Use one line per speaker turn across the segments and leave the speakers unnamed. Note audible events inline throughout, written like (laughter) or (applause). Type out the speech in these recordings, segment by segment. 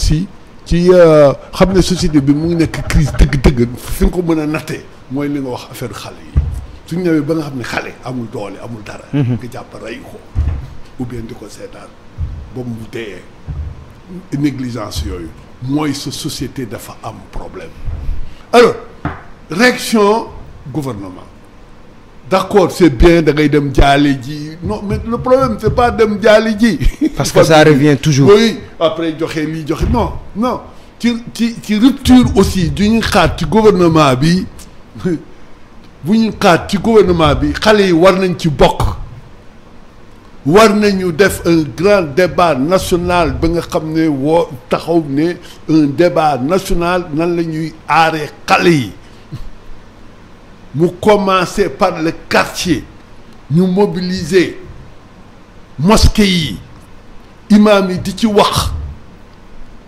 si ci euh, xamné société bi mu ngi nek crise deug deug fi ko meuna naté moy li nga wax affaire xalé yi suñ ñëwee ba nga xamné xalé amul doole amul dara mhm. nga ko ou bien di ko seetaan ba mu dee négligence yoyu moy sa société dafa am problème alors réaction gouvernement d'accord c'est bien de ngay dem jaale ji non mais le problème c'est pas dem jaale parce que ça revient toujours oui après joxe lii non non tu tu tu rupture aussi d'une carte ci gouvernement bi (laughs) bu ñu xaat ci gouvernement bi xale yi war nañ ci war nañu un grand débat national ba nga xam taxaw un débat national nan la nuit aaree xale Nous (laughs) mu commencer par le quartier nous mobiliser mosquée imam yi di ci wax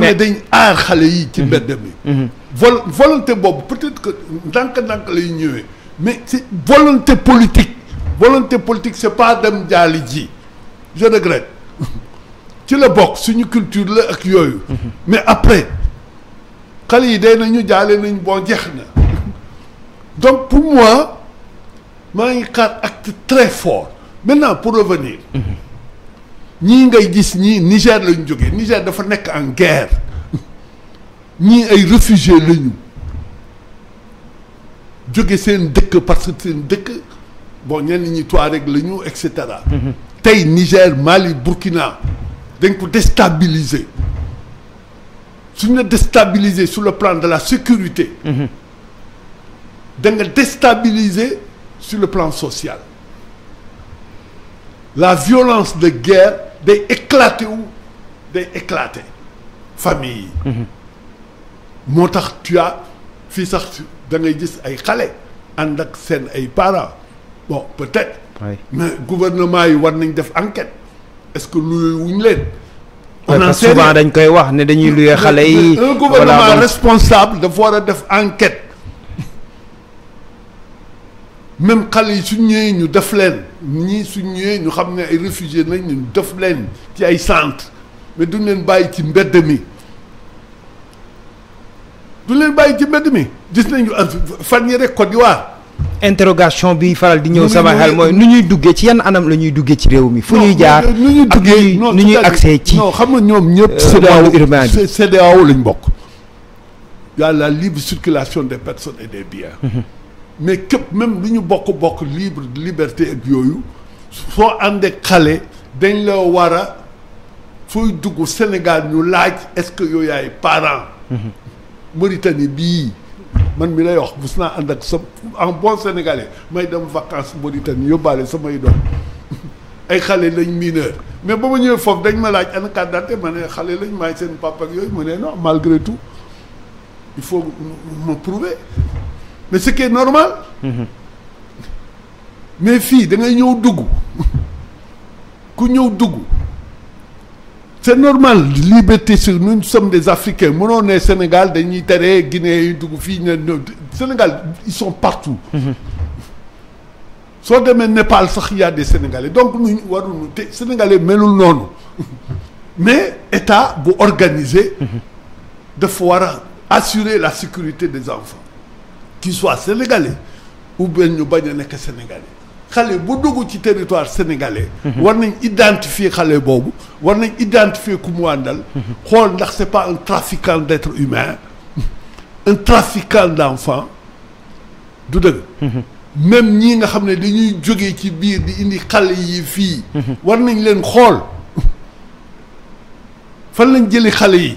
mais ne dañ mhm. mhm. volonté Bob, peut-être que ndànk-ndànk lay mais c'est volonté politique volonté politique c'est pas d'un dialogue. je regrette (laughs) ci le c'est une culture la ak mhm. mais après quand yi day nañu jaale nañ bon jeex (laughs) donc pour moi maa ngi acte très fort maintenant pour revenir niger ngay Niger lañu ni Niger dafa en guerre ni ay réfugié lañu jóge seen parce que seen dëkk bon ni ñi avec lañu et mhm. Niger Mali Burkina dañ déstabiliser suñu la déstabiliser sur le plan de la sécurité. Niger, mhm. déstabilisé déstabiliser sur le plan social. la violence de guerre des éclatés ou, des éclatés famille yi. Mhm. tu as fi sax da ngay gis ay xalé and ak ay parents bon peut-être. mais gouvernement yi war nañ def est-ce que lu wuñ len on a souvent dañ koy wax né dañuy luyé yi. un gouvernement responsable de voir des def enquête même quand yi suñ ñu def leen ñi su ñu xamné ay réfugiés nañ ñu def leen ci ay centre mais duñ leen bàyyi ci mbedd mi duñ leen ci mbedd mi gis fan interrogation bi faral di ñëw sama xel moy nu ñuy ci anam la ñuy duggé ci réew mi fu ñuy jaar nu ñuy accès ci non xam nga euh, a la libre circulation des personnes et des biens mm-hmm mais même si ñu bokk libre liberté ak yooyu soo xale dañ a fooy Sénégal ñu laaj est-ce que parents. Mm-hmm. Mauritanie bii man mi lay wax sa en bon sénégalais may dem vacances Mauritanie yóbbaale doom (laughs) ay lañ mais si ma ñëwee foofu dañ ma laaj ana ma lañ papa ak non malgré tout il faut me prouver mais ce qui est normal. Mes filles, da ngay ñëw dugg c'est normal liberté sur nous nous sommes des Africains sommes on Sénégal Sénégalais, tere Guinée yi dugg fii Sénégal ils sont partout. Soit demain, Népal sax y a des Sénégalais donc nous, sommes te Sénégalais nous non. mais état bu organiser... de foires assurer la sécurité des enfants qu'ils soit sénégalais ou bien nous ne sommes pas sénégalais vous bu dugg ci territoire sénégalais. Mhm. war nañ identifier les bobu war nañ identifier ku mu àndal. Mhm. ndax c'est pas un trafiquant d'êtres humains un trafiquant d'enfants du deug mhm. même ñi nga xamné dañuy joggé ci biir di indi xale yi fi war nañ leen xool fan lañ jëli xale yi.